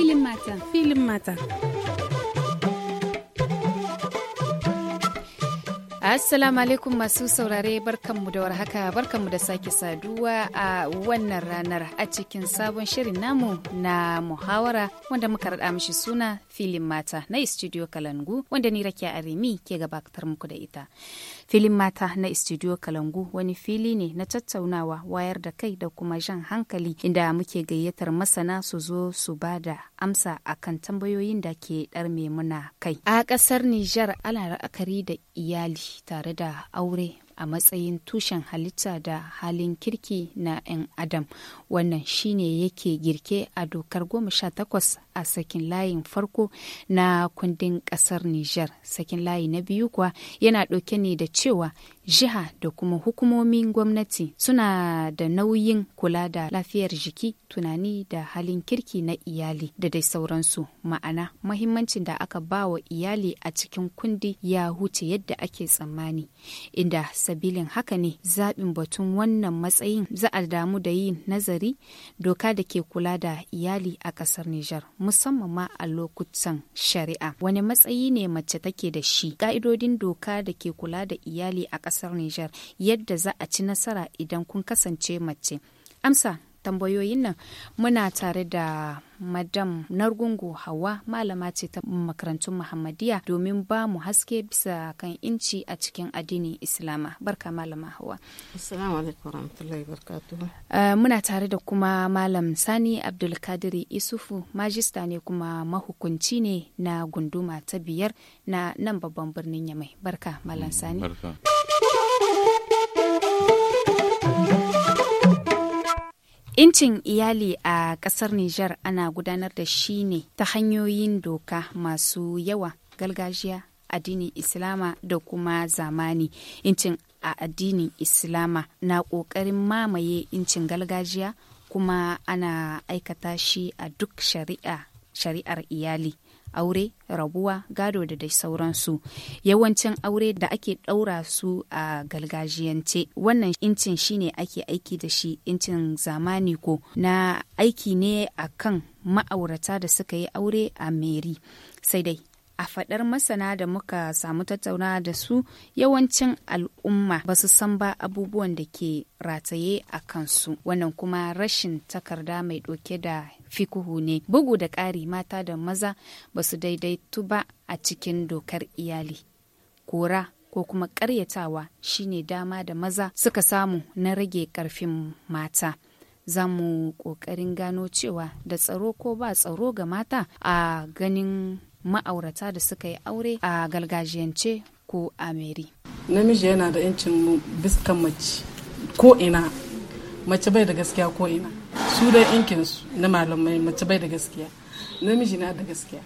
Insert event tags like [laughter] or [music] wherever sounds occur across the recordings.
Filin mata. Filin mata. Assalamu alaikum masu saurare barkanmu da warhaka barkanmu da sake saduwa a wannan ranar a cikin sabon shirin namu na muhawara wanda muka raɗa mishi suna filin mata na studio kalangu wanda ni rakiya arimi ke gabatar muku da ita filin mata na studio kalangu wani fili ne na tattaunawa wayar da kai da kuma jan hankali inda muke gayyatar masana su zo su ba da amsa akan tambayoyin da ke ɗarme muna kai a ƙasar nijar ana la'akari da iyali tare da aure a matsayin tushen halitta da halin kirki na 'yan adam wannan shine yake girke a dokar goma sha takwas. a sakin layin farko na kundin ƙasar Nijar. Sakin layi na biyu kuwa yana ɗauke ne da cewa jiha da kuma hukumomin gwamnati suna da nauyin kula da lafiyar jiki tunani da halin kirki na iyali da dai sauransu ma'ana mahimmancin da aka ba wa iyali a cikin kundi ya huce yadda ake tsammani inda sabilin haka ne zaɓin batun wannan matsayin za a damu da yin nazari doka da ke kula da iyali a ƙasar Nijar musamman ma a lokutan shari'a wani matsayi ne mace take da shi ka'idodin doka da ke kula da iyali a ƙasar Nijar yadda za a ci nasara idan kun kasance mace amsa tambayoyin nan muna tare da madam nargungu hawa malama ce ta makarantun muhammadiya domin ba mu haske bisa kan inci a cikin addinin islama barka malama hawa eh, muna tare da kuma malam sani abdulkadiri isufu majista ne kuma mahukunci ne na gunduma ta biyar na nan babban birnin yamai barka malam mm, sani Incin iyali a ƙasar Nijar ana gudanar da shi ne ta hanyoyin doka masu yawa galgajiya addinin Islama da kuma zamani. Incin a addinin Islama na ƙoƙarin mamaye incin galgajiya kuma ana aikata shi a duk shari'a shari'ar iyali. aure rabuwa gado da dai sauransu yawancin aure da ake ɗaura su a galgajiyance wannan incin shine ake aiki da shi incin zamani ko na aiki ne a kan ma'aurata da suka yi aure a meri sai dai a faɗar masana da muka samu tattauna da su yawancin al'umma ba su san ba abubuwan da ke rataye a kansu wannan kuma rashin takarda mai ɗauke da fikuhu ne bugu da ƙari mata da maza ba su daidaitu ba a cikin dokar iyali kora ko kuma ƙaryatawa shine dama da maza suka samu na rage ƙarfin mata za mu ƙoƙarin gano cewa da tsaro ko ba tsaro ga mata a ganin ma'aurata da suka yi aure a galgajiyance ko a meri. namiji yana da 'yancin biskan mace ko ina mace bai da gaskiya ko ina su dai yankin na malamai mace bai da gaskiya namiji na da gaskiya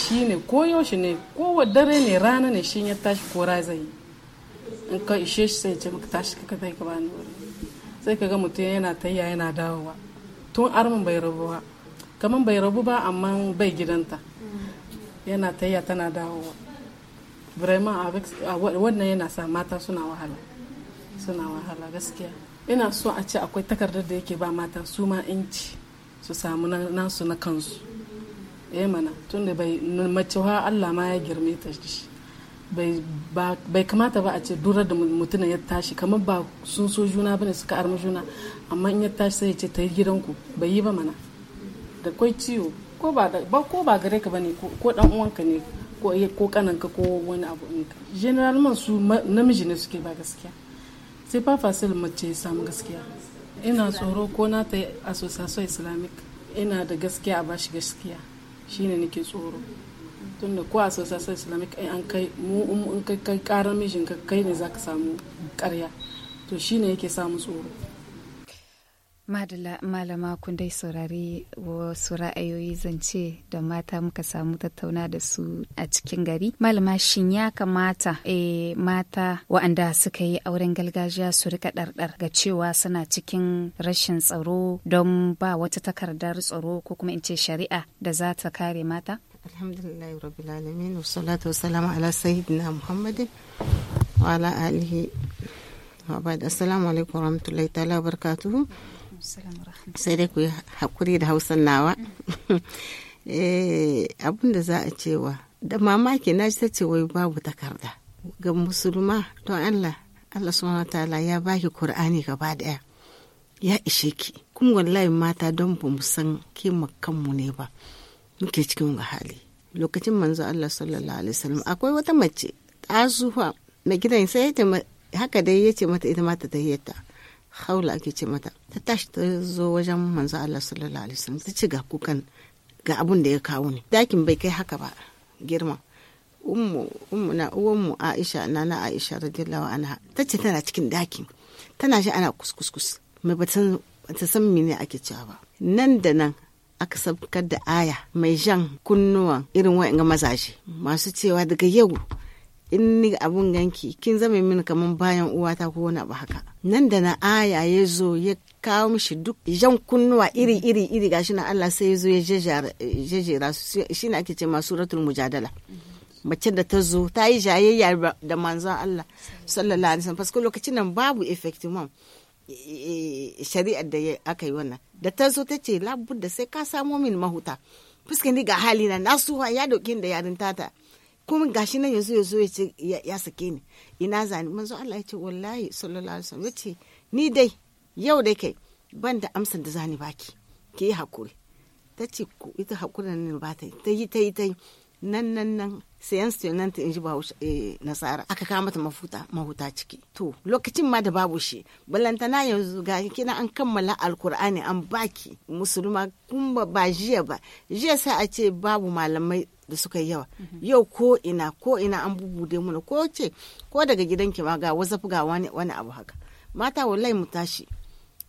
shi ne ko yaushe ne ko dare ne rana ne shi ya tashi kora zai yi in ka ishe shi sai ce maka tashi kaka kai ka ni wuri sai ka ga mutum yana tayya yana dawowa tun armin bai rabu ba kamar bai rabu ba amma bai gidanta yana tayya tana dawowa vraiment wannan yana sa mata suna wahala suna wahala gaskiya ina so a ce akwai takardar da yake ba mata su ma inci su samu nasu na kansu eh mana tun tunda bai mace wa Allah ma ya girme ta shi bai kamata ba a ce durar da mutuna ya tashi kamar ba sun so juna bane suka armi juna amma in ya tashi sai ya ce ta yi gidanku bai yi ba mana da kwai ciwo ko ba ko ba gare ka bane ko dan uwanka ne ko kananka ko wani abu in ka su namiji ne suke ba gaskiya sai fasil mace ya samu gaskiya ina tsoro ko na ta association islamic ina da gaskiya a shi gaskiya shine nake tsoro tunda ko association islamic an kai mu in kai karamin shi kai ne zaka samu karya to shine yake samu tsoro Madala malama kun dai saurari wasu ra'ayoyi zance da mata muka samu tattauna da su a cikin gari. Malama shin ya kamata e, mata wa'anda suka yi auren gargajiya su rika ɗarɗar ga cewa suna cikin rashin tsaro don ba wata takardar tsaro ko kuma in ce shari'a da za ta kare mata? Alhamdulillah rabbil alamin salatu wa ala sayyidina Muhammadin wa ala alihi wa sai dai ku yi hakuri da hausan nawa [laughs] eh, abin da za a cewa da mamaki na ji ta ce wai babu takarda ga musulma to allah allah su ta'ala ya baki kur'ani gaba daya ya ishe ki kuma wallahi mata don ba mu san kima kanmu ne ba muke cikin hali lokacin manzo allah sallallahu alaihi wasallam akwai wata mace ta zuwa na gidan sai ya haka dai ya ce mata ita ma ta tahiyyata haula ake ce mata ta tashi ta zo wajen manzo Allah sallallahu alaihi wasallam ta ci ga kukan ga abun da ya kawo ne dakin bai kai haka ba girma ummu ummu na uwanmu Aisha nana Aisha radiyallahu anha ta ce tana cikin dakin tana shi ana kuskuskus mai ba ta san mene ake cewa ba nan da nan aka sabkar da aya mai jan kunnuwan irin wa'in mazaje masu cewa daga yau in ni abun ganki kin zame mini kaman bayan uwata ko wani abu haka nan da na aya ya zo ya kawo mishi duk jan kunnuwa iri iri iri gashi na Allah sai ya zo ya jejera su shine ake ce masu suratul mujadala mace da ta zo ta yi jayayya da manzon Allah sallallahu alaihi wasallam fasko lokacin nan babu effective mom e, e, e, shari'ar da aka yi wannan da ta zo ta ce labudda sai ka samo min mahuta fuskan ga halina na na suwa ya dauke da yarin tata kuma gashi nan yanzu yanzu ya ce ya sake ni ina zani manzo Allah ya ce wallahi sallallahu alaihi wasallam ce ni dai yau da kai ban da amsan da zani baki ki yi hakuri ta ce ku ita hakuri ne ba ta yi ta yi ta yi ta yi nan nan nan sayan su nan ta inji ba eh, nasara aka kawo mata mafuta mahuta ciki to lokacin ma da babu shi balantana yanzu ga kina an kammala alkur'ani an baki musulma kun ba jiya ba jiya sai a ce babu malamai da suka yawa yau ko ina ko ina an bubude muna ko ce ko daga gidanki ma ga wasu ga wani abu haka mata wallahi mu tashi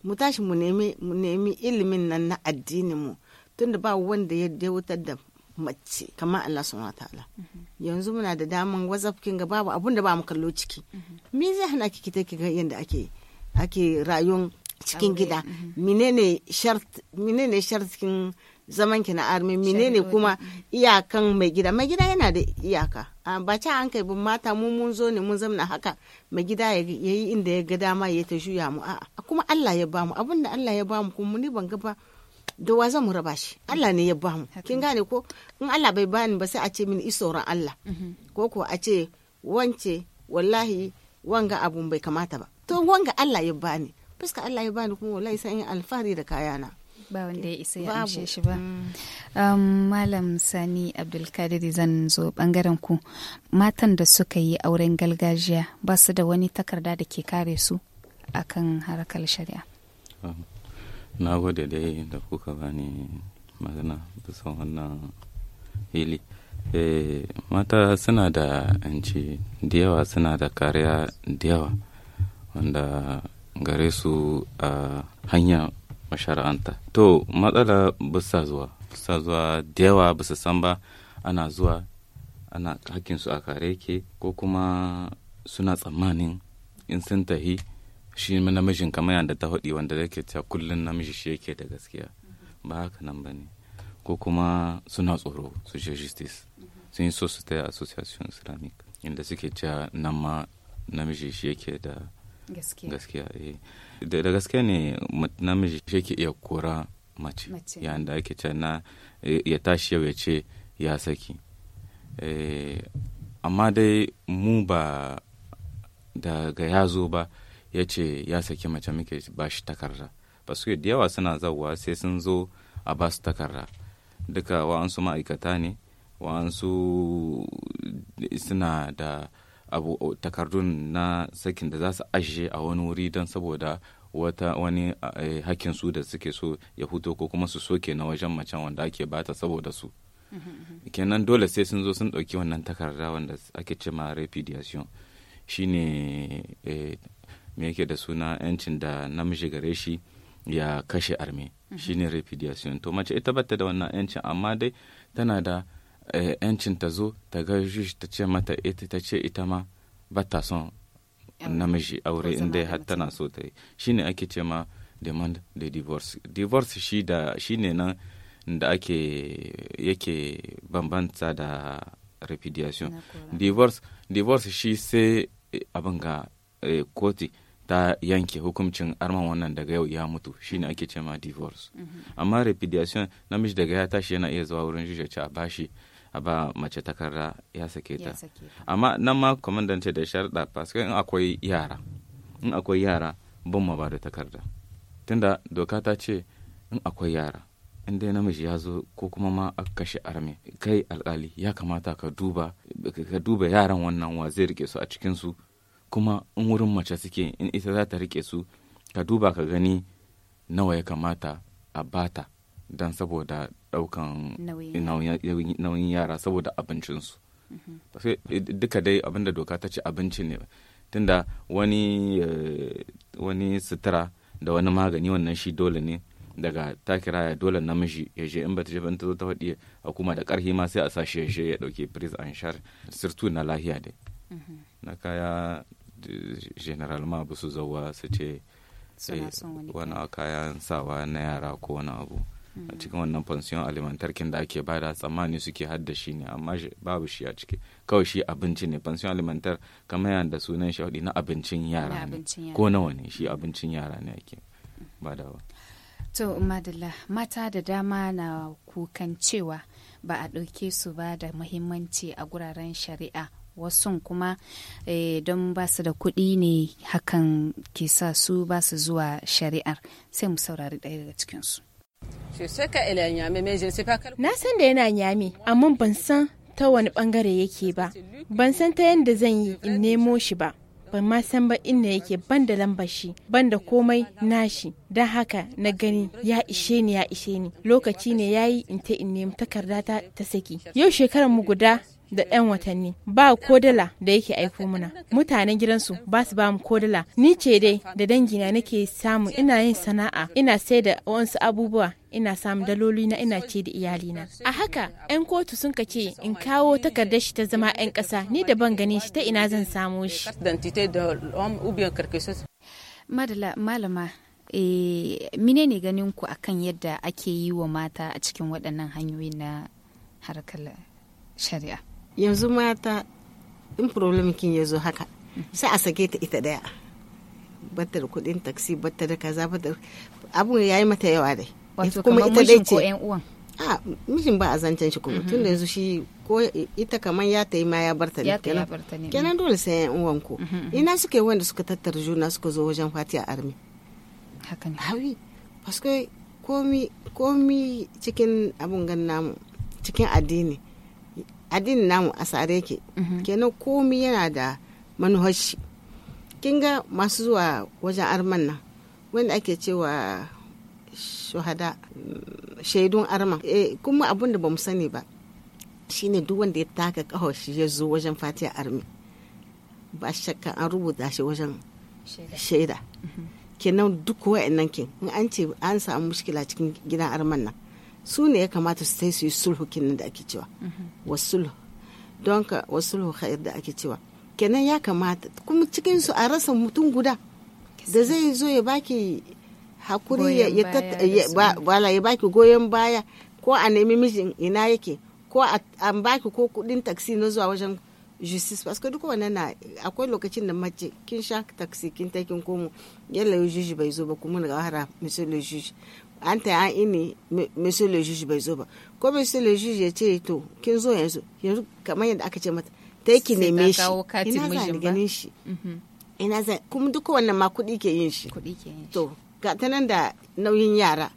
mu tashi mu nemi mu nemi ilimin nan na addinin mu tunda ba wanda ya dewutar da mace kamar Allah subhanahu ta'ala yanzu muna da daman wasu kin ga babu abun da ba mu kallo ciki me zai hana ki kita ki ga yanda ake ake rayuwar cikin gida mhm. menene shart menene shartin zaman ki na armi menene kuma iyakan mai gida mai gida yana da iyaka ba ca an kai bin mata mu mun zo ne mun zamna haka mai gida ya yi inda ya ga dama ya ta juya mu a kuma Allah ya bamu abin da Allah ya bamu kuma ni ban ga ba da wa zan mu raba shi Allah ne ya bamu kin gane ko in Allah bai bani ba sai a ce min isoran Allah mm-hmm. ko ko a ce wance wallahi wanga abun bai kamata ba to wanga Allah ya bani fuska Allah ya bani kuma wallahi sai in alfahari da kayana ba wanda ya isa ya amshe shi ba mm. um, malam sani abdulkadir zan zo bangaren ku matan da suka yi auren galgajiya ba su da wani takarda da ke kare su akan harkar shari'a um, na gode dai da kuka bani magana bisa wannan hili eh, mata suna da yanci da suna da kariya da yawa wanda gare su a ah, hanya mashara'anta to matsala bisa zuwa bisa zuwa da yawa bisa san ba ana zuwa ana su a kare ke. ko kuma suna tsammanin in sun tahi shi namijin kamar yadda ta haɗi wanda yake ta kullum namiji shi yake da gaskiya ba haka nan ba ne ko kuma suna tsoro su je justice sun yi so su ta association islamic inda suke cewa nan ma namiji shi yake da gaskiya eh. da gaskiya ne namiji shi ke iya kora mace yayin da ake ce na ya tashi yau ya ce ya saki eh, amma dai mu ba daga ya zo ba ya ce ya saki mace muke ba shi takarda ba su da yawa suna zauwa sai sun zo a ba su takarda duka wa'ansu ma'aikata ne wa'ansu suna da abu takardun na sakin da za su ajiye a wani wuri don saboda wata wani eh, hakkin su da suke so ya huto ko kuma su soke na wajen macen wanda ake bata saboda su kenan dole sai sun zo sun ɗauki wannan takarda wanda ake ce ma repudiation shine eh, me yake da suna yancin da namiji gare shi ya kashe arme shine repudiation to mace ita bata da wannan yancin amma dai tana da Eh, 'yancin ta zo ta ga shi ta ce mata ita ta ce ita ma ba ta son namiji aure inda har tana so ta yi shi ne ake ce ma demand the divorce divorce shi da ne nan da ake yake bambanta da repudiation divorce divorce shi sai abin ga eh, koti ta yanke hukuncin arman wannan daga yau ya mutu shi ne ake ce ma divorce mhm. amma repudiation namiji daga ya tashi yana iya zuwa wurin juje a bashi a ba mace takarda ya sake ta amma nan ma kwamandan ce da sharɗa fasikai in akwai yara in akwai yara ban ma ba da takarda tunda doka ta ce in akwai yara in dai namiji ya zo ko kuma ma aka kashe arme kai alkali ya kamata ka duba ka duba yaran wannan wa zai rike su a cikin su kuma in wurin mace suke in ita za ta rike su ka duba ka gani nawa ya kamata a bata don saboda ɗaukan nauyin yara saboda abincinsu mm-hmm. eh, duka dai abinda doka ta ce abinci ne tunda wani eh, wani sutura da wani magani wannan shi dole ne daga ta ya dole namiji ya je in bata je ta zo ta faɗi a kuma da ƙarfi ma sai a sa shi ya je ya ɗauke an shar sirtu na lahiya dai mm-hmm. na kaya eh, general ma ba su zauwa su ce wani kayan sawa na yara ko wani abu a cikin wannan fansiyon alimantarkin da ake bada tsammani suke hadda shi ne amma babu shi a ciki kawai shi abinci ne fansiyon alimantar kamar yadda sunan shi na abincin yara ne ko nawa ne shi abincin yara ne ake badawa to madalla mata da dama na kukan cewa ba a ɗauke su ba da muhimmanci a guraren shari'a wasu kuma eh, don ba su da kuɗi ne hakan ke sa su ba su zuwa shari'ar sai mu saurari ɗaya daga cikinsu Na san da yana nyame, amma ban san ta wani bangare yake ba. Ban san ta yadda zan yi in nemo shi ba. Ban ma san ba inda yake ban da lambar shi, ban da komai nashi. Don haka na gani ya ishe ni ya ishe ni. Lokaci ne ya yi in ta in nemi takarda ta saki. Yau shekarar mu guda da 'yan watanni ba kodala da yake aiko muna mutanen gidansu ba su ba mu kodala ni ce dai da dangina nake samu ina yin sana'a ina sai da wasu abubuwa ina samun daloli na ina ce da iyalina a haka 'yan kotu sun ka ce in kawo takardar shi ta zama 'yan ƙasa ni da ban ganin shi ta ina zan samo shi madala malama eh, mine ne ganin ku akan yadda ake yi wa mata a cikin waɗannan hanyoyi na harkar shari'a yanzu mata in problem kin ya zo haka sai a sake ta ita daya da kudin taksi da kaza abu abun yayi mata yawa dai wato kuma ita dai ce a mijin ba a zancen shi kuma tun da mhm. yanzu shi ko ita kamar ya ta yi ma ya barta ne kenan dole sai yan uwan ko mhm, mhm. ina suke wanda suka tattara juna suka zo wajen fati a armi haka ne hawi paske komi komi cikin abun gan namu cikin addini addinin namu a tsare ke. Mhm. kenan komi yana da manuhashi kin ga masu zuwa wajen arman nan wanda ake cewa shuhada shaidun arman eh, kuma abin da ba mu sani ba shine duk wanda ya taka kawo shi ya zo wajen fatiya armi ba shakka an rubuta shi wajen shaida mhm. kenan duk wa'annan kin in an ce an samu mushkila cikin gidan arman nan su ne ya kamata su sai su yi sulhu kinan da ake cewa mhm. wasulhu don ka wasulhu khair da ake cewa kenan ya kamata kuma cikin su a rasa mutum guda da zai zo ya baki hakuri ya bala ya baki goyon baya ko a nemi mijin ina yake ko an baki ko kudin taksi na zuwa wajen justice parce que duk wannan na akwai lokacin da mace kin sha taksi kin ta komo yalla juji bai zo ba kuma ga hara misali juji an ta an ini monsieur le juge bai zo ba ko monsieur le juge ya ce to kin zo yanzu yanzu kamar yadda aka ce mata ta yi ki neme shi ina za ni ganin shi mhm. ina za kuma duka wannan ma kuɗi ke yin shi kuɗi to ga ta nan da nauyin yara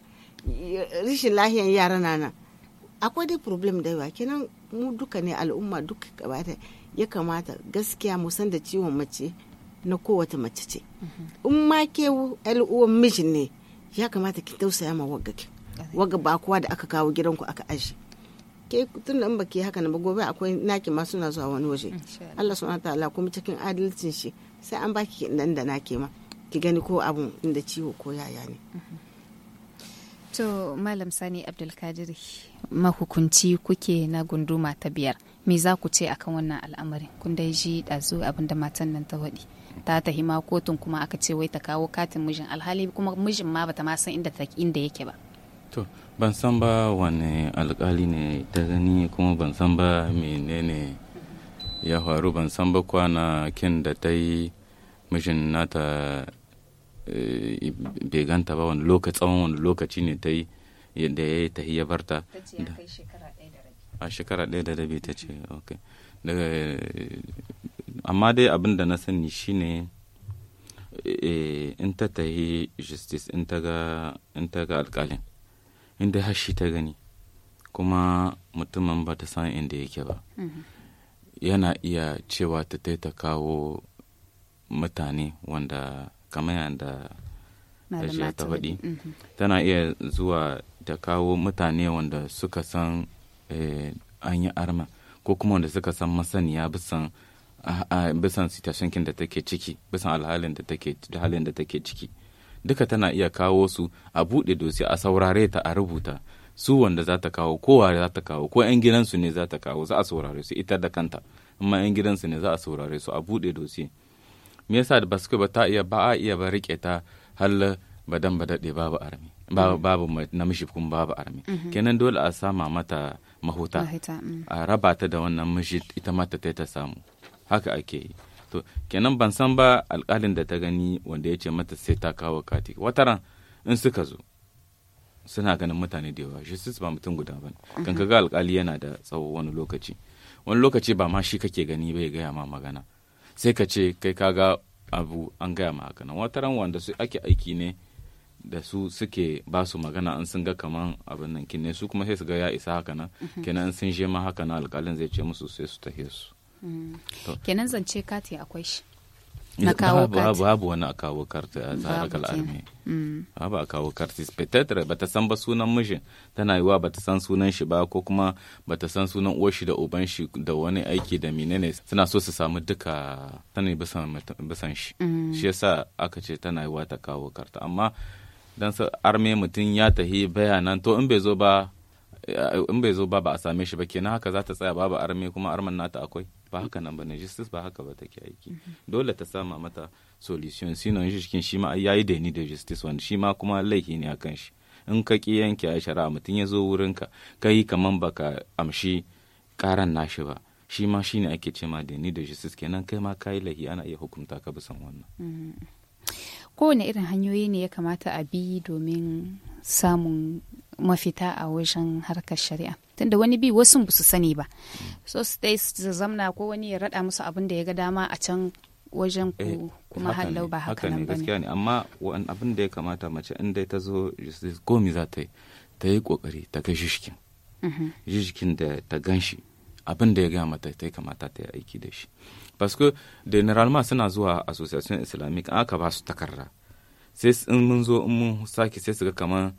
rishin lahiyan yara na nan akwai dai problem da yawa kenan mu duka ne al'umma duka gabata ya kamata gaskiya mu san da ciwon mace na kowace mace ce mhm. in ma ke uwan mijin ne ya kamata ki tausaya ma wagga ki wagga ba kowa da aka kawo gidanku aka aji ke tun da ba baki haka na ba gobe akwai naki ma suna zuwa wani waje Allah subhanahu ta'ala kuma cikin adalcin shi sai an baki dan da nake ma ki gani ko abun inda ciwo ko yaya ne mm-hmm. to malam sani abdulkadir mahukunci kuke na gunduma ta biyar me za ku ce akan wannan al'amarin kun dai ji ɗazu abin da matan nan ta waɗi ta tahi ma kotun kuma aka ce wai ta kawo katin mijin alhali kuma mijin ma bata ma san inda inda yake ba to ban san ba wani alkali ne ta gani kuma ban san ba menene ya faru ban san ba kwana kin da ta yi mijin nata eh, bai ganta ba wani lokaci tsawon wani lokaci ne ta yi da ya yi ta yi ya barta a shekara ɗaya da rabi ta ce ok daga amma dai abin da na sani shine eh, eh, in ta tahi justice in ta ga alkalin inda hashi ta gani kuma mutumin ba ta san inda yake ba mm-hmm. yana iya cewa ta ta kawo mutane wanda kamar yadda ajiya ta faɗi mm-hmm. tana iya zuwa ta kawo mutane wanda suka san eh, an yi arma ko kuma wanda suka san masaniya bisan a bisan situation kin da take ciki bisan alhalin da take halin da take ciki duka tana iya kawo su a buɗe dosi a saurare ta a rubuta su wanda za ta kawo kowa za ta kawo ko 'yan gidansu ne za ta kawo za a saurare su ita da kanta amma 'yan gidansu ne za a saurare su a buɗe dosi me yasa da basu ba ta iya ba a iya ba rike ta hal badan ba daɗe babu armi babu babu mishi kun babu armi mhm. kenan dole a sama mata mahuta mm. a raba ta da wannan mishi ita mata ta ta samu haka ake yi to kenan ban san ba alƙalin da ta gani wanda ya ce mata sai ta kawo kati wataran in suka zo suna ganin mutane da yawa su ba mutum guda ba mhm. kan ga alƙali yana da tsawo wani lokaci wani lokaci ba ma shi kake gani bai gaya ma magana sai ka ce kai ka ga abu an gaya ma haka wataran wanda su ake aiki ne da su suke ba su magana an sun ga kaman abin nan kinne su kuma sai su ga ya isa haka nan mhm. kenan sun je ma haka nan alƙalin zai ce musu sai su tahe su Mm. kenan zance kati akwai shi na kawo karti babu wani a kawo karti a tsarar al'armi mm. babu a kawo karti spectator ba ta san ba sunan mijin tana yiwa ba ta san sunan shi ba ko kuma ba ta san sunan uwar shi da uban shi da wani aiki da menene suna so su samu duka tana bisan shi mm. shi yasa aka ce tana yiwa ta kawo karti amma dan sa arme mutum ya tahi bayanan to in bai zo ba eh, in bai zo ba ba a same shi ba kenan haka za ta tsaya babu arme kuma arman nata akwai ba haka nan ba ne justice ba haka ba take aiki dole ta sama mata solution sinon shi shi ma ya da daini da justice wanda shi ma kuma laifi ne a kan shi in ka ki yanke a shari'a mutum ya zo wurin ka yi kaman ka amshi karan nashi ba shi ma ne ake ce ma da da justice kenan kai ma kayi laifi ana iya hukunta ka bisan wannan mm-hmm. kowane irin hanyoyi ne ya kamata a bi domin samun mafita a wajen harkar shari'a tunda wani bi wasu ba su sani ba so su su zamna ko wani ya rada musu abin da ya ga dama a can wajen ku eh, kuma hallau ba haka nan ba gaskiya ne amma wani abin da ya kamata mace in dai ta zo gomi za ta yi ta yi kokari ta ga shishkin shishkin mm-hmm. da ta gan shi abin da ya gaya mata ta kamata ta yi aiki da shi parce que ma suna zuwa association islamic aka ba su takarda sai in mun zo in mun sake sai su ga kamar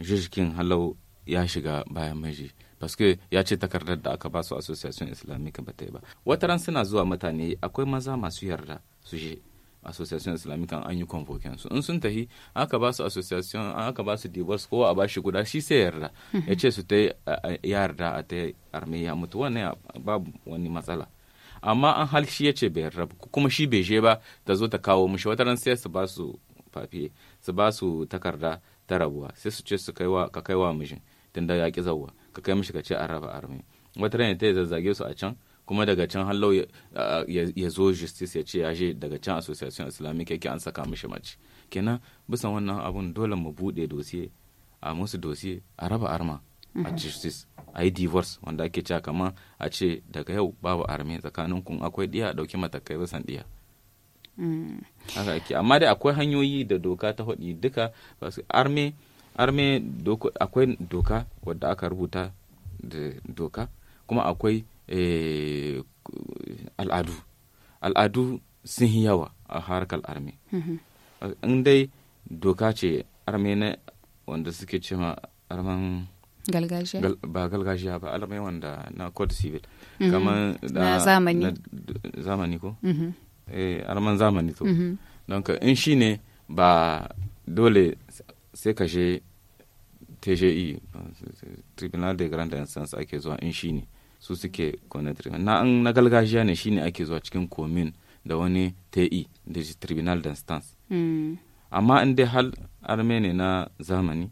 jirgin halau ya shiga bayan miji paske ya ce takardar da aka ba su association islamic ba ta yi ba ran suna zuwa mutane akwai maza masu yarda su je association islamic an yi convocation su in sun tahi aka ba su association aka ba su divorce ko a ba shi guda shi sai yarda mhm. ya ce su ta yarda a ta armenia mutu wani babu wani matsala amma an hal shi ya ce bai yarda kuma shi bai je ba ta zo ta kawo mushi ran sai su ba su papiye su ba su takarda ta rabuwa sai su ce su kai wa mijin tun tunda ya ki zauwa ka kai mishi ka ce an raba arme wata rana ta zazzage su a can kuma daga can hallau ya zo justice ya ce ya je daga can association islamic yake an saka mishi mace kenan bisa wannan abun dole mu buɗe dosiye a musu dosiye a raba arma a mhm. justice a yi divorce wanda ake cewa kamar a ce daga yau babu arme tsakanin kun akwai ɗiya diya ɗauki matakai bisan ɗiya. Mm. haka ake amma dai akwai hanyoyi da doka ta hudi duka arme arme akwai doka wadda aka rubuta da doka kuma akwai eh, al'adu al'adu sun yi yawa a harkar arme mm-hmm. in dai doka ce arme na wanda suke ma arman galgajiya ba galgajiya ba alamai wanda na code civil mm-hmm. kamar na zamani ko mm-hmm. Eh, arman zamani to mhm. don ka in shi ne ba dole sai ka je tje tribunal de grande instance ake zuwa in shi ne su suke connected na an na galgajiya ne shine ake zuwa cikin komin da wani ti e, da tribunal instance. Hmm. amma in dai hal arme ne na zamani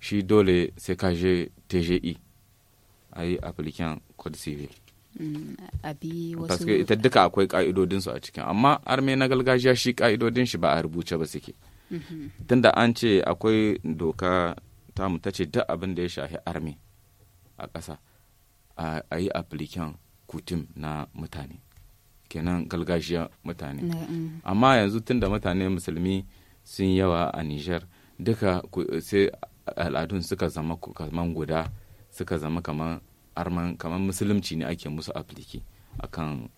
shi dole sai ka je tje a yi application code civil Mm, abi ita duka akwai ka'idodin su a cikin amma arme na gargajiya shi ka'idodin shi ba a rubuce ba suke mm-hmm. tunda an ce akwai doka ta ta ce duk abin da ya shafi arme a ƙasa a yi applican kutum na mutane kenan galgajiya mutane mm. amma yanzu tunda mutane musulmi sun yawa a Nijar duka sai al'adun suka zama kaman guda suka zama kaman arman kamar musulunci ne ake musu aplike akan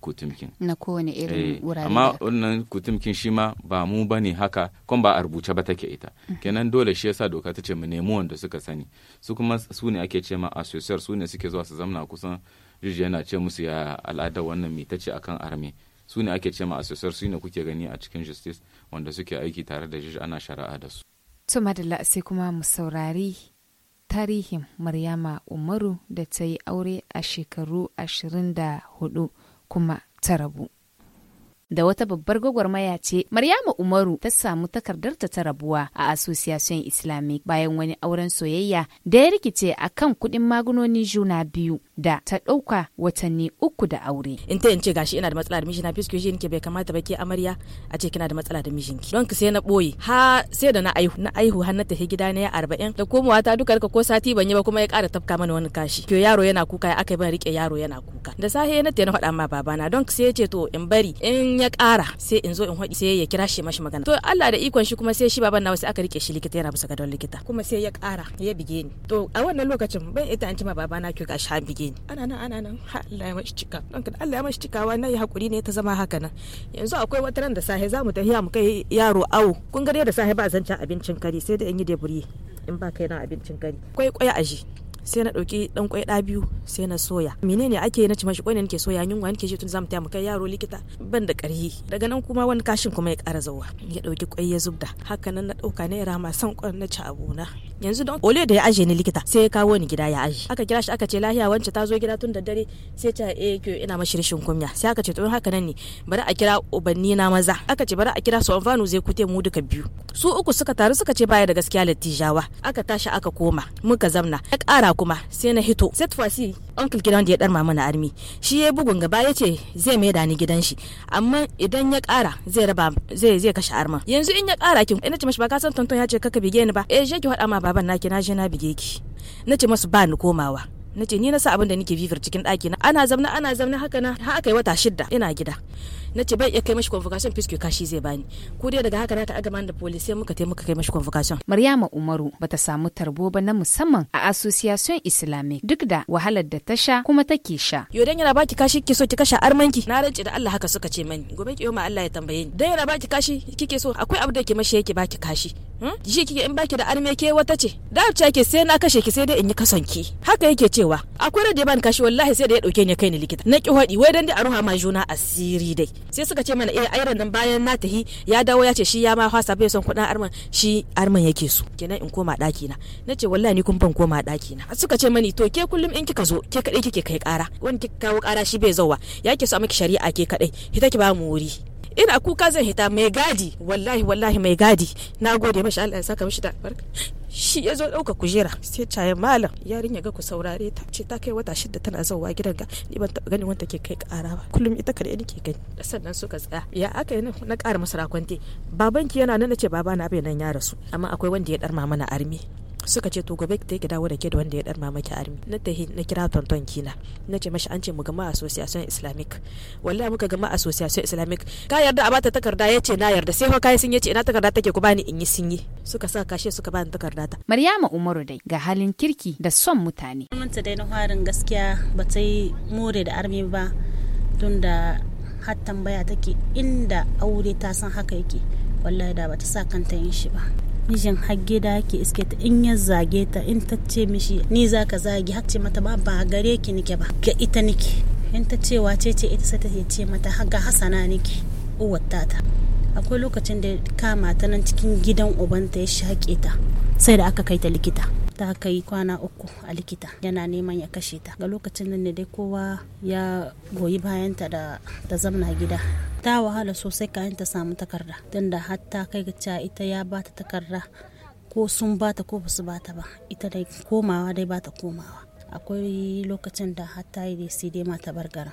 kutumkin na kowane irin eh, wurare amma wannan kutumkin shi ma ba mu ba ne haka kuma ba a rubuce ba take ita mm. kenan dole shi yasa doka ta ce mu nemi wanda suka sani su kuma su ne ake ce ma asosiyar su ne suke zuwa su zamna kusan jiji yana ce musu ya al'ada wannan mai ta ce akan arme su ne ake ce ma asosiyar su ne kuke gani a cikin justice wanda suke aiki tare da jiji ana shari'a da su. Tuma da sai kuma mu saurari tarihin Maryama Umaru da ta yi aure a shekaru 24 kuma ta rabu. da wata babbar gwagwarmaya ce Maryama Umaru ta samu takardar ta rabuwa a Association Islamic bayan wani auren soyayya da ya rikice a kan kudin magunoni juna biyu da ta ɗauka watanni uku da aure. In ta ce gashi ina da matsala da mijina fiske shi ke bai kamata ba ke amarya a ce kina da matsala da mijinki. Don ka sai na boye ha sai da na aihu na aihu har na tafi gida na ya arba'in da komowa ta duka ko sati ban yi ba kuma ya kara tafka mana wani kashi. Kyo yaro yana kuka ya aka yi ban rike yaro yana kuka. Da safe na ta na faɗa ma babana don ka sai ya ce to in bari in in ya ƙara sai in zo in haɗi sai ya kira shi mashi magana to Allah da ikon shi kuma sai shi baban nawa sai aka rike shi likita yana bisa gadon likita kuma sai ya ƙara ya bige ni to a wannan lokacin ban ita an ci ma baba na ki gashi an bige ni ana nan ana nan ha Allah ya mashi cika don kada Allah ya mashi cikawa na ya hakuri ne ta zama haka nan yanzu akwai wata ran da sahe za mu tafiya mu kai yaro awo kun gare da sahe ba ci abincin kari sai da in yi deburi in ba kai na abincin kari kwai kwai aji sai na ɗauki ɗan kwai ɗa biyu sai na soya menene ake na ci mashi kwai ne nake soya yunwa ke shi tun zamu taya mu kai yaro likita ban da ƙarhi daga nan kuma wani kashin kuma ya ƙara zawa ya ɗauki kwai ya zubda haka nan na ɗauka na rama san kwan na ci abuna yanzu don ole da ya aje ni likita sai ya kawo ni gida ya aje aka kira shi aka ce lahiya wance ta zo gida tun da dare sai ta eh kyo ina mashi rishin kunya sai aka ce to haka nan ne bari a kira ubanni na maza aka ce bari a kira su anfanu zai kute mu duka biyu su uku suka taru suka ce baya da gaskiya latijawa aka tashi aka koma muka zamna ya ƙara kuma sai na hito set fasi uncle gidan da ya dar mana armi shi ya bugun gaba ya ce zai mai ni gidan shi amma idan ya kara zai raba zai zai kashe arma yanzu in ya kara ki ina ce mashi ba ka san tonton ya ce kaka bige ni ba eh je ki hada ma baban naki na je na bige ki na ce masu ba ni komawa na ce ni na sa abin da nake vivir cikin daki na ana zamna ana zamna haka na har aka yi wata shida ina gida na ce bai iya kai mashi convocation fiske kashi zai bani ku dai daga haka n'a naka agama da police sai muka taimaka kai mashi convocation Maryama Umaru bata samu tarbo ba na musamman a Association Islamic duk da wahalar da ta sha kuma take sha yodan yana baki kashi kike so ki kashe armanki na rance da Allah haka suka ce mani gobe ki ma Allah ya tambaye ni dan yana baki kashi kike so akwai abu da ke mashi yake baki kashi hmm? ji kike in baki da arme ke wata ce da ke sai na kashe ki sai dai in yi kasan ki haka yake cewa akwai da ban kashi wallahi sai da ya dauke ni kai ni likita na ki hodi wai dan dai a ruha ma juna asiri dai sai suka ce mana eh ayran nan bayan na tahi ya dawo ya ce shi ya ma fasa bai son kudin arman shi arman yake so kenan in koma ɗaki na nace wallahi ni kun ban koma ɗaki na suka ce mani to ke kullum in kika zo ke kadai kike kai kara wani kika kawo kara shi bai zauwa ya ke so miki shari'a ke kadai ki bamu ba mu wuri ina kuka zan hita mai gadi wallahi wallahi mai gadi na gode mashi Allah ya saka mishi da albarka shi ya zo ɗauka kujera sai caya malam yarin ga ku saurare ta ce ta kai wata shida tana zauwa gidan ga ni ban taba ganin wanda ke kai kara ba kullum ita kare ke gani sannan suka tsaya ya aka yi na ƙara masa rakwante babanki yana nan ce baba na bai nan ya rasu amma akwai wanda ya mama mana armi suka ce to gobe ta yi dawo da ke da wanda ya dar mamaki armi na tahi na kira tonton kina na ce mashi an ce mu gama association islamic wallahi muka gama association islamic ka yarda a bata takarda ya ce na yarda sai fa kai sun ce ina takarda take ku bani in yi sun yi suka sa kashe suka bani takarda ta maryama umaru dai ga halin kirki da son mutane ta dai na harin gaskiya ba ta yi more da armi ba tun da har tambaya take inda aure ta san haka yake wallahi da ba ta sa kanta yin shi ba mijin har gida ki iske ta in ya zage ta in ta ce mishi ni za ka zage har ce mata ba gare ki nike ba ga ita nike in ta ce wace ce ita sai ta ce mata ga hasana nike uwar tata akwai lokacin da kama ta nan cikin gidan ubanta ya shaƙe ta sai da aka kai ta likita ta kai kwana uku a likita yana neman ya kashe ta ga lokacin nan ne dai kowa ya goyi bayanta da ta zamna gida ta wahala sosai kayan ta samu takarda tunda hatta kai ga ita ya bata takarda ko sun bata ko basu bata ba ita dai komawa dai bata komawa akwai lokacin da hatta yi dai sai dai mata bargara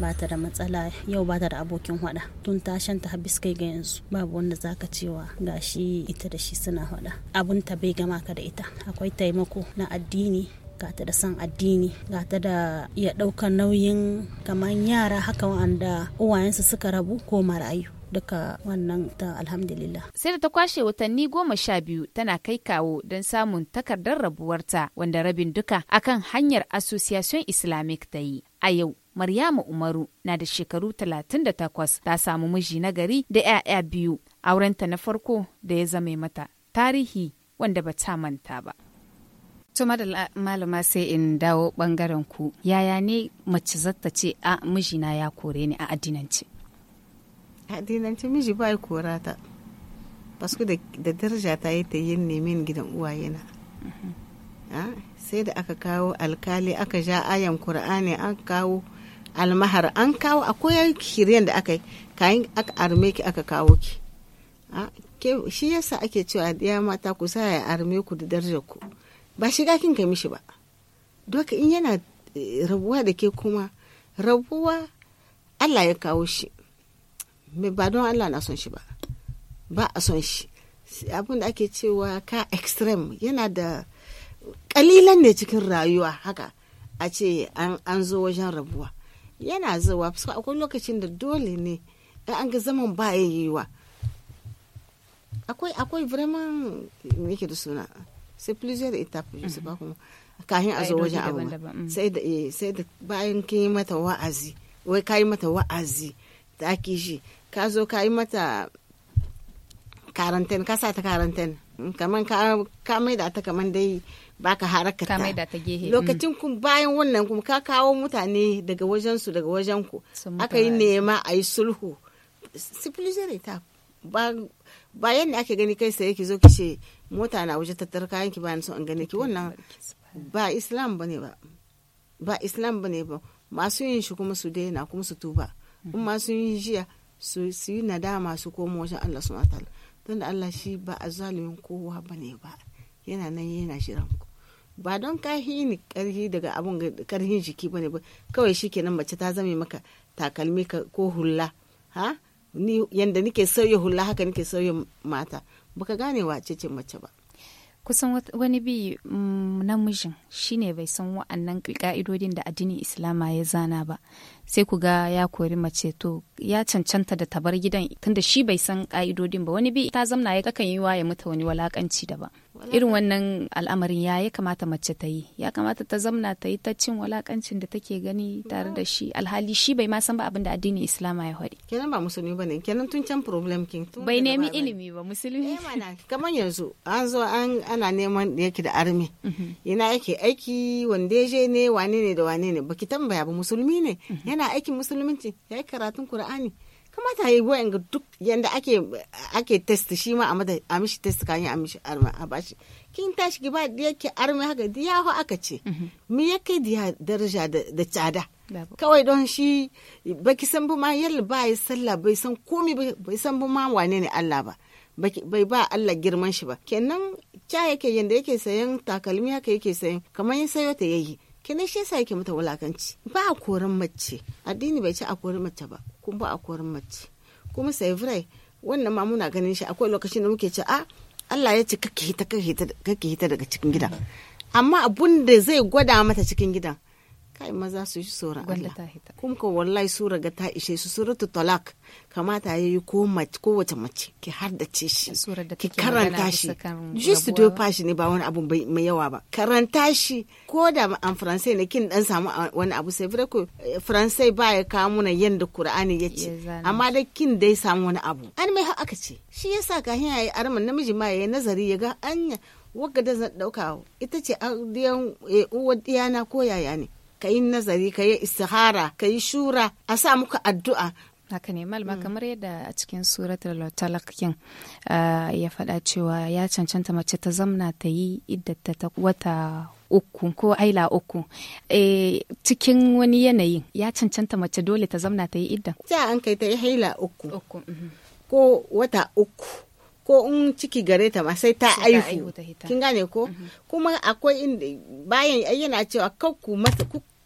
ba ta da matsala yau ba ta da abokin hada tun ta shanta habis kai ga yanzu babu wanda za zaka cewa gashi ita da shi suna hada abun ta bai gama ka da ita akwai taimako na addini gata da san addini gata da ya dauka nauyin kamar yara haka wanda uwayensu suka rabu ko marayu duka wannan ta alhamdulillah. Sai da ta kwashe watanni goma sha biyu tana kai kawo don samun takardar rabuwarta wanda rabin duka akan hanyar Association Islamic ta yi. A yau Maryamu Umaru na da shekaru 38 ta samu miji na gari da 'ya'ya biyu aurenta na farko da ya zame mata tarihi wanda ba ta manta ba. To malama sai in dawo bangaren ku yaya ne mace zata ce a mijina ya kore ni a addinance? addinance miji ba ya kora ta basu da daraja ta yi ta yin nemin gidan uwayena mhm. ah, sai da aka kawo alkali aka ja ayan kur'ani an kawo almahar an kawo a koyar shiryen da aka yi kayan aka arme ki aka kawo ki shi yasa ake cewa ya mata ku sa ya arme ku da darajar ku ba shiga kin kai mishi ba doka in yana eh, rabuwa da ke kuma rabuwa Allah ya kawo shi ba don Allah na son shi ba ba a son shi abin da ake cewa ka extreme yana da kalilan ne cikin rayuwa haka a ce an zo wajen rabuwa yana zuwa a akwai lokacin da dole ne in an ga zaman ba ya yiwa akwai akwai vraiment me yake da suna sai plusieurs étapes je sais pas mhm. comment kahin a zo wajen abu mm. sai da eh, sai da bayan kin yi mata wa'azi wai ka yi mata wa'azi ta shi ka zo ka yi mata karantin ka sa ta karantin kamar ka maida ta kamar dai baka haraka ta maida ta gehe mm. lokacin kun bayan wannan kuma ka kawo mutane daga wajen su daga wajen ku aka yi nema a yi sulhu civilization ta ba yadda ake gani kai sai ki zo ki ce mota na waje tattar kayan ki bayan son an gane ki wannan ba islam bane ba ba islam bane ba masu yin shi kuma su daina kuma su tuba mm-hmm. kuma masu yin jiya su yi nadama su komo wajen Allah subhanahu wataala don da Allah shi ba a zalimin kowa ba ne ba yana nan yana shirin ku ba don kahi ni karhi daga abun karhin jiki ba ne ba kawai shi kenan mace ta zame maka takalmi ko hula ha ni yanda nike sauya hula haka nike sauya mata baka gane wace ce mace ba kusan wani bi mm, namijin shine bai san wa'annan ka'idodin da addinin islama ya zana ba sai ku ga ya kori mace to ya cancanta da tabar gidan tunda shi bai san ka'idodin ba wani bi ta zamna ya kakan yi ya mata wani walakanci daban irin wannan al'amarin ya ya kamata mace ta yi ya kamata ta zamna ta yi ta cin walakancin da take gani tare da shi alhali shi bai ma san ba abin da addinin islama ya hori kenan ba musulmi bane kenan tun can problem king bai nemi ilimi ba musulmi eh kamar yanzu an zo an ana neman yake da armi mhm. yana yake aiki wanda je ne wane ne da wane ne baki tambaya ba musulmi ne mhm. yana yana aikin musulunci ya yi karatun kur'ani kamata yi ga duk yadda ake ake test shi ma a mada a mishi test k'a a mishi arma a bashi kin tashi ki da yake arma haka da aka ce mhm. me ya kai da daraja da tsada kawai don shi baki san ba ma ba ya sallah bai san komi bai san ba ma wane ne Allah ba bai ba Allah girman shi ba kenan ca yake yadda yake sayan takalmi haka yake sayan kamar ya sayo ta yayi kenan shi yasa yake mata wulakanci ba a koran mace addini bai ci a koran mace ba kuma ba a koran mace kuma sai wannan ma muna ganin shi akwai lokacin da muke ce a ah, Allah ya ce kake hita hita daga cikin gidan amma abun da zai gwada mata cikin gidan kai maza su ji sura Allah kuma ko wallahi sura ga ta ishe su suratu talak kamata yayi ko mace ko wace mace ki haddace shi ki karanta shi just do fashi ne ba wani abu mai yawa ba karanta shi ko da an france ne kin dan samu ah, wani abu sai fure ko eh, faransai ba ya kawo muna yanda qur'ani yace amma da kin dai samu wani abu an mai aka ce shi yasa hin yayi arman namiji ma yayi nazari ya ga anya wagga da zan dauka ita ce eh, uwa diyana ko yaya ne ka yi nazari ka yi istihara ka yi shura a sa muka addu'a haka ne malama kamar yadda a cikin suratul talakin ya faɗa cewa ya cancanta mace ta zamna ta yi iddata ta wata uku ko aila uku e, cikin wani yanayi ya cancanta mace dole ta zamna ta yi idda za an kai ta yi haila uku, mhm. ko wata uku ko in ciki gare ta ma sai ta aihu kin gane ko mhm. kuma akwai bayan yana cewa kakku mata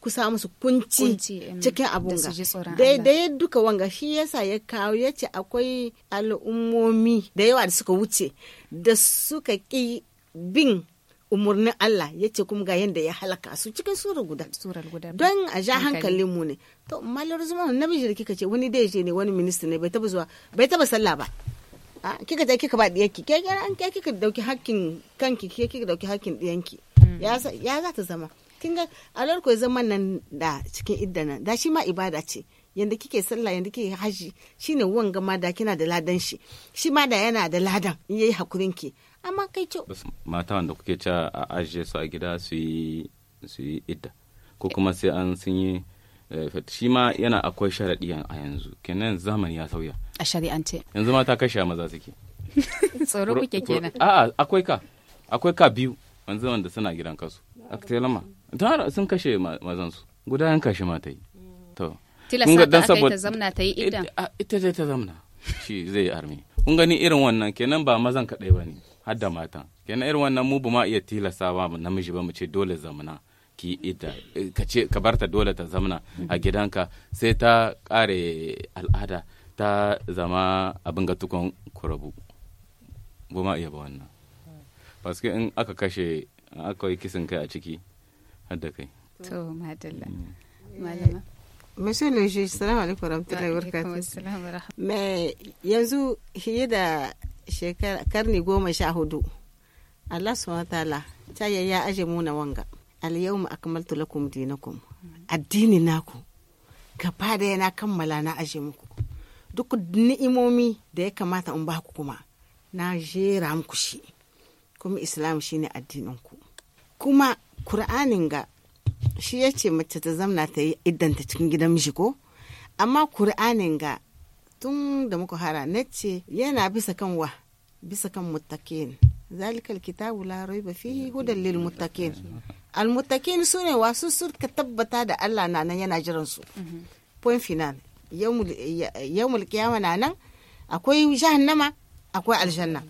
kusa musu kunci cikin abun ga daidai duka wanga shi yasa ya kawo ya ce akwai al'ummomi da yawa da suka wuce da suka ki bin umarnin Allah ya ce kuma ga yadda ya halaka su cikin surar guda don a ja hankalin mu ne to malar zuma na da kika ce wani dai ne wani minista ne bai taba zuwa bai taba sallah ba kika je kika ba diyanki ke an kika dauki hakkin kanki ke kika dauki hakkin diyanki mm. ya za ta zama kin ga alar ko zaman nan da cikin idda nan da shi ma ibada ce yanda kike sallah yanda kike haji shine wanga ma da kina da ladan shi shi ma da yana da ladan in yayi hakurin ki amma kai ce mata wanda kuke ta a ajiye su a gida su yi su yi idda ko kuma sai an sun yi eh, shi ma yana akwai sharadi a yanzu kenan zamani ya sauya a shari'ance yanzu mata a maza suke [laughs] tsoro kuke kenan a'a akwai ka akwai ka biyu wanzu wanda suna gidan kasu aktelama tara sun kashe mazansu guda yan kashe mata yi to tilasta ta aka ta zamna ta yi idan ita zai ta zamna shi zai armi kun gani irin wannan kenan ba mazan kadai ba ne har da mata kenan irin wannan mu ba ma iya tilasa ba namiji ba mu ce dole zamna ki ita eh, ka ce ka barta dole ta zamna a gidanka sai ta kare al'ada ta zama abin ga tukun kurabu ba ma iya ba wannan paske in aka kashe aka yi kisan kai a ciki hada kai to madalla mm. malama Monsieur le juge, salam alaikum warahmatullahi wabarakatuh. Mai yanzu fiye da karni goma sha hudu, Allah subhanahu ta'ala ta ya aje muna wanga. Al-yawma akmaltu lakum dinakum. Addini naku gaba da yana kammala na aje muku. Duk ni'imomi da ya kamata in baku kuma na jera muku shi. Kuma Islam shine ne addininku. kuma kur'anin ga shi ya ce mace ta zamna ta yi iddanta cikin gidan miji ko amma kur'anin ga tun da muka hara na ce yana bisa kan wa bisa kan muttakin zalikal kitabu la raiba fihi hudan lil muttakin al muttakin sune wasu surka tabbata da Allah na nan yana jiran su point final yawmul qiyama na nan akwai jahannama akwai aljanna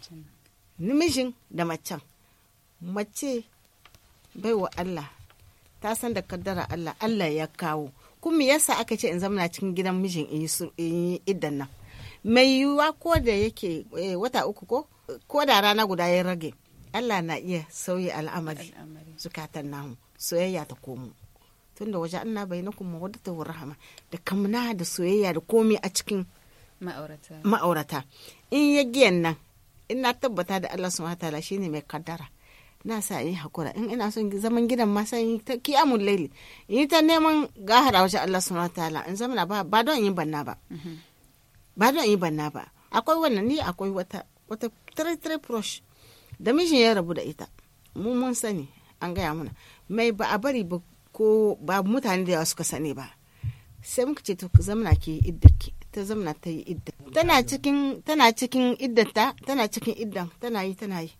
namijin da macen mace baiwa Allah ta san da kaddara Allah Allah ya kawo kuma yasa aka ce in zamana cikin gidan mijin in yi idan nan mai yiwuwa ko da yake eh, wata uku ko ko da rana guda ya rage Allah na iya sauyi al'amari zukatan namu soyayya ta komo tun da waje Allah bai nakun kuma wadda ta rahama da kamna da soyayya da komi a cikin ma'aurata in ya giyan nan ina tabbata da Allah subhanahu wataala shine mai kaddara na sa yi hakura in ina son zaman gidan ma san ta kiyamun laili in ta neman gahara wajen Allah subhanahu wataala in zama ba ba don yin banna ba ba don yin banna ba akwai wannan ni akwai wata wata tare tare prosh da mijin ya rabu da ita mu mun sani an gaya muna mai ba a bari ba ko ba mutane da yawa suka sani ba sai muka ce to zamana ki iddaki ta zamana ta yi idda tana cikin tana cikin iddata tana cikin iddan tana yi tana yi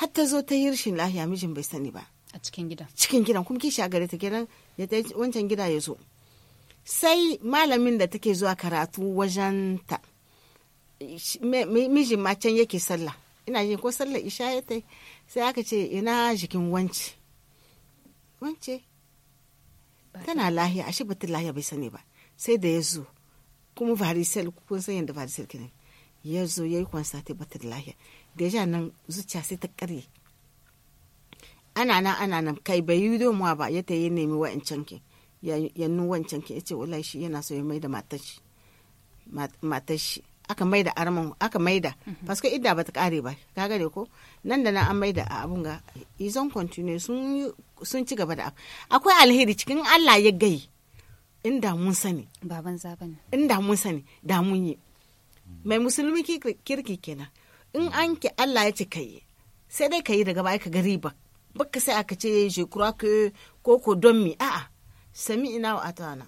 har ta zo ta yi rashin lahiya mijin bai sani ba a cikin gida cikin gidan kuma kishi a gare ta gidan ya ta wancan gida ya zo sai malamin da take zuwa karatu wajen ta mijin ma can yake sallah ina yin ko sallah isha ya ta sai aka ce ina jikin wance wance tana lahiya ashe batun lahiya bai sani ba sai da ya zo kuma varisel kun san yadda varisel kenan ya zo ya yi kwansa ta batun lahiya deja nan zuciya sai ta karye ana nan ana nan kai bai yi domuwa ba ya ta yi nemi wa'ancan ki ya nu wancan ki ya ce wallahi shi yana so ya maida matar shi matar shi aka maida arman aka maida fasko mhm. idda ba ta kare ba ka gane ko nan da nan an maida a abun ga izon continue sun sun ci gaba da abu akwai alheri cikin Allah ya gai da mun sani baban zabani da mun sani da mun yi mai musulmi kirki kenan in an ki Allah ya ce ka yi sai dai ka yi daga baya ka ga riba baka sai aka ce je kura ke ko ko don mi a'a sami ina wa atana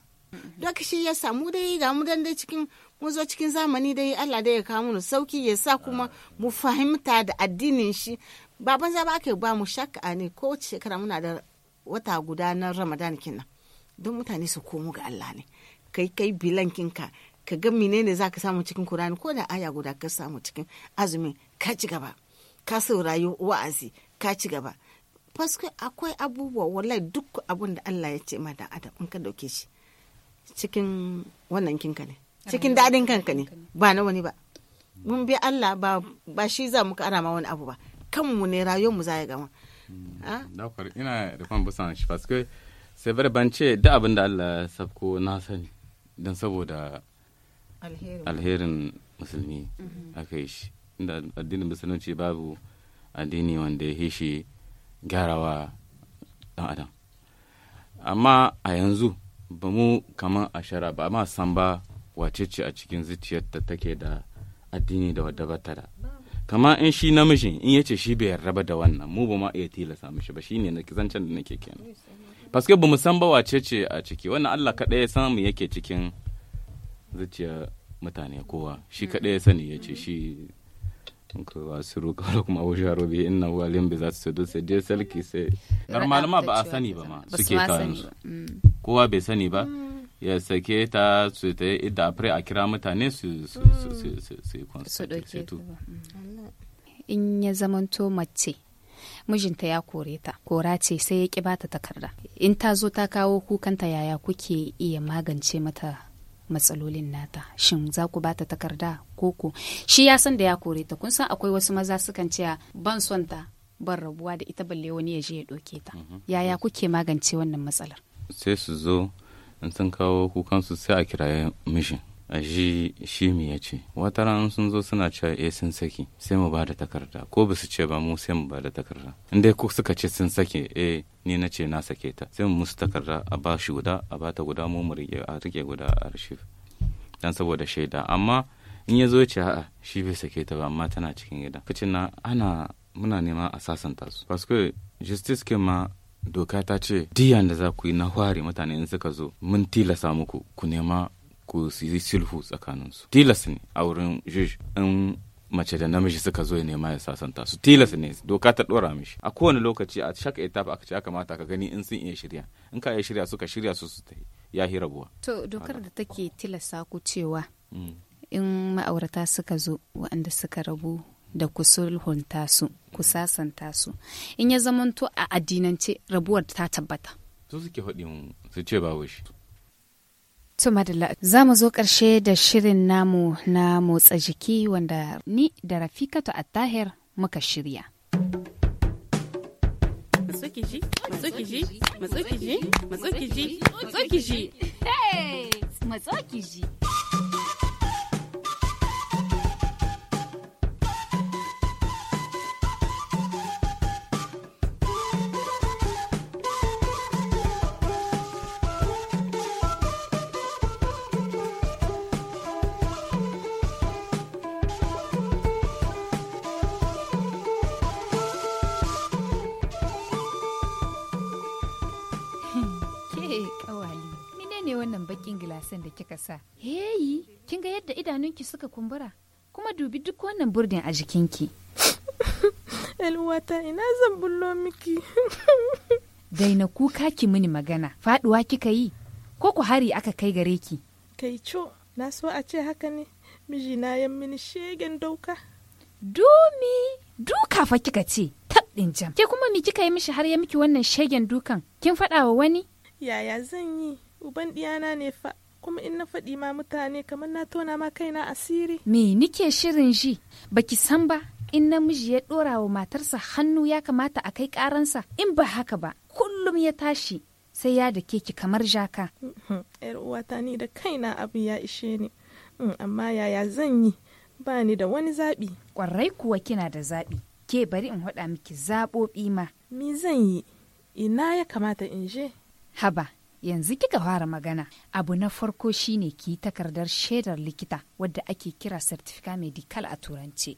don shi ya samu dai ga mu dai cikin mu zo cikin zamani dai Allah dai ya kawo mu sauki ya sa kuma mu fahimta da addinin shi baban za ba aka ba mu shakka ne ko shekara muna da wata guda na Ramadan kenan don mutane su komo ga Allah ne kai kai bilankinka ka ga menene za ka samu cikin kurani ko da aya guda ka samu cikin azumin ka ci gaba ka saurayi wa'azi ka ci gaba fasko akwai abubuwa wallahi duk abun da Allah ya ce ma da adam in ka dauke shi cikin wannan kinka ne cikin dadin kanka ne ba na wani ba mun bi Allah ba ba shi za mu karama ma wani abu ba kanmu ne rayuwar mu za ya gama Dakwar hmm, ah? ina da kwan busan shi fasko sai bar ban ce da abin da Allah ya sabko na sani don saboda alherin musulmi aka yi shi inda addinin musulunci babu addini wanda ya shi gyarawa dan adam amma a yanzu ba mu kamar a shara ba amma san ba wace ce a cikin zuciyar ta take da addini da wadda ba ta kama in shi namijin in yace shi bai yarda ba da wannan mu ba ma iya tilasa mishi ba shine na kizancan da nake kenan paske ba mu san ba wace ce a ciki wannan Allah kaɗai ya san mu yake cikin zuciya mutane kowa shi mm. kaɗai ya sani ya ce shi kowa su roƙa [laughs] kuma wajen harobe ina wa bai za su sadu sai dai salki sai normalma ba a sani ba ma suke kayansu mm. kowa bai sani ba mm. ya sake ta su ta yi idda apre a kira mutane su su su in ya zamanto mace mijinta ya kore ta kora ce sai ya ki bata takarda in ta zo ta kawo kukanta yaya kuke iya magance mata matsalolin nata shin za ku bata takarda ko ku shi ya san da ya kore ta kun san akwai wasu maza sukan ce ban son ta ban rabuwa da ita balle wani ya je ya doke ta mhm. yaya kuke magance wannan matsalar sai su zo in sun kawo kukansu sai a kiraye mishin a shi mu ya ce wata ran sun zo suna cewa eh sun saki sai mu ba da takarda ko ba su ce ba mu sai mu ba da takarda in dai ko suka ce sun sake e ni na ce na sake ta sai mu musu takarda a ba shi guda a ba ta guda mu mu rike guda a arshif dan saboda shaida amma in ya zo ce a'a shi bai sake ta ba amma tana cikin gida kace na ana muna neman a sasanta su paske justice ke ma doka ta ce diyan da za ku yi na hware mutane in suka zo mun tilasa muku ku nema ku yi sulhu tsakaninsu tilas ne a wurin juj in mace da namiji suka zo ya nema ya sasanta su tilas ne doka ta dora mishi a kowane lokaci a shaka etap aka ce ya kamata ka gani in sun iya shirya in ka iya shirya suka shirya su su ta ya hi rabuwa to dokar da take tilasta ku cewa mm. in ma'aurata suka zo waɗanda suka rabu da ku sulhunta su ku mm. sasanta su in ya zamanto a addinance rabuwar ta tabbata su suke faɗi su ce ba shi. To za mu zo ƙarshe da shirin namu na motsa jiki wanda ni da Rafikatu Attahir muka shirya. Matsukiji, matsukiji, matsukiji, matsukiji, matsukiji. Matsukiji. kika sa heyi kin ga yadda idanunki suka kumbura kuma dubi duk wannan burdin a jikinki Elwata [laughs] ina zan bullo miki [laughs] daina kuka ki mini magana faduwa kika yi ko ku hari aka kai gare ki kai co na so a ce haka ne mijina ya mini shegen dauka Dumi, duka fa kika ce, tabɗin jam. Ke kuma mi kika yi mishi har ya miki wannan shegen dukan? Kin faɗawa wani? Yaya zan yi? Uban ɗiyana ne fa. kuma in na faɗi ma mutane kamar na tona ma kaina asiri. Me nike shirin ji baki san ba in namiji ya ɗora wa matarsa hannu ya kamata a kai ƙaransa in ba haka ba kullum ya tashi sai ya dake ki kamar jaka. Mhm. Yar uwata ni da kaina abu ya ishe ni mm, amma yaya zan yi ba ni da wani zaɓi. Ƙwarai kuwa kina da zaɓi ke bari in haɗa miki zaɓoɓi ma. Me zan yi ina ya kamata in je? Haba yanzu kika fara magana abu na farko shine ki takardar shaidar likita wadda ake kira certificate medical a turance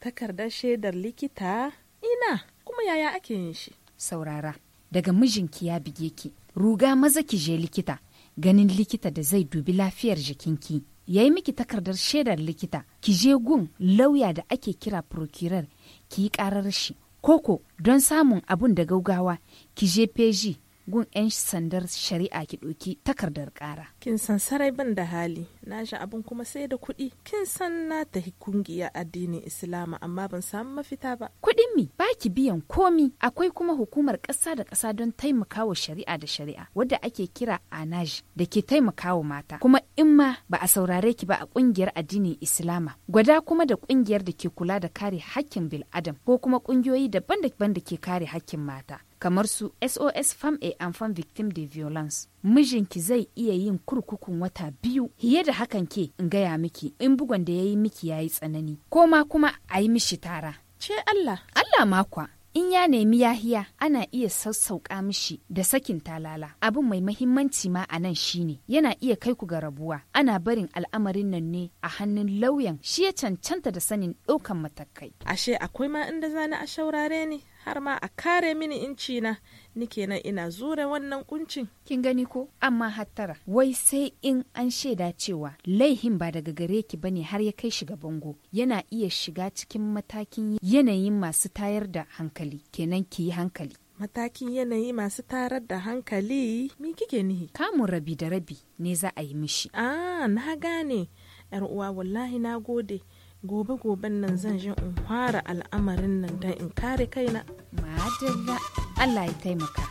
takardar shaidar likita ina kuma yaya ake yin shi saurara daga mijinki ya bige ki ruga maza ki je likita ganin likita da zai dubi lafiyar jikinki ya yi miki takardar shaidar likita ki je gun lauya da ake kira procurer ki yi karar shi koko don samun abun da gaugawa ki je peji gun 'yan sandar shari'a ki ɗoki takardar ƙara. Kin san sarai ban da hali, na sha abin kuma sai da kuɗi. Kin san na tafi kungiya addinin Islama amma ban samu mafita ba. Kuɗin mi ba ki biyan komi. Akwai kuma hukumar ƙasa da ƙasa don taimakawa shari'a da shari'a wadda ake kira ANAJ da ke taimakawa mata. Kuma in ma ba a saurare ki ba a ƙungiyar addinin Islama. Gwada kuma da ƙungiyar da ke kula da kare hakkin bil'adam ko kuma ƙungiyoyi daban-daban da ke kare hakkin mata. kamar su SOS Fam A fam Victim de Violence. Mijinki zai iya yin kurkukun wata biyu, hiye da hakan ke in gaya miki in bugon da ya yi miki yayi tsanani, ko ma kuma a yi mishi tara. Ce Allah. Allah makwa. In ya nemi yahiya ana iya sassauƙa mishi da sakin talala. Abin mai mahimmanci ma a nan shine yana iya kai ku ga rabuwa. Ana barin al'amarin nan ne a hannun lauyan shi ya cancanta da sanin ɗaukan matakai. Ashe akwai ma inda zana a shaurare ne. har ma a kare mini inci na ni kenan ina zura wannan kuncin kin gani ko amma hattara wai sai in an shaida cewa laihin ba daga gare ki bane har ya kai shiga bango yana iya shiga cikin matakin yanayin masu tayar da hankali kenan ki yi hankali matakin yanayi masu tarar da hankali mi kike nihi kamun rabi da rabi ne za a yi mishi ah na gane yar uwa wallahi na gode gobe goben nan zan ji in fara al'amarin nan don in kare kai kaina madalla Allah ya taimaka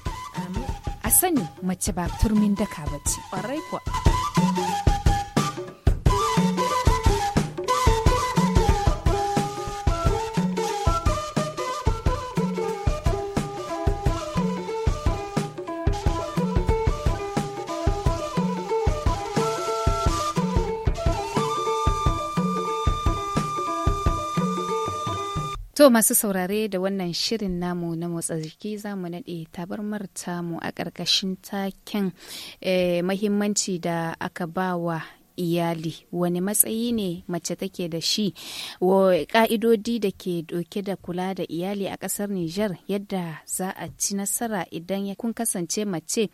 a sani mace ba turmin daka ce. kwarai kuwa To masu saurare da wannan shirin namu na motsa jiki za mu naɗe tabarmar tamu a ƙarƙashin taken eh, mahimmanci da aka bawa. iyali wani matsayi ne mace take da shi wa ka'idodi da ke doke da kula da iyali a ƙasar Nijar yadda za a ci nasara idan ya kun kasance mace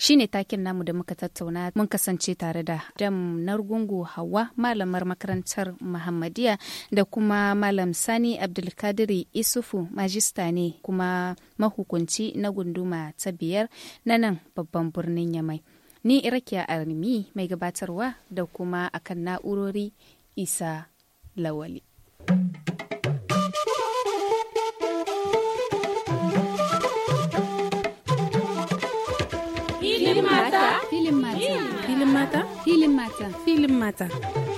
shine takin namu da muka tattauna mun kasance tare da dam nargungu hawa malamar makarantar Muhammadiya da kuma malam Sani Abdulkadiri Isufu majista ne kuma mahukunci na gunduma ta biyar na nan babban birnin Yamai. ni irakiya armi mai gabatarwa da kuma akan na'urori isa lawali filin mata filin mata filin mata filin mata filin mata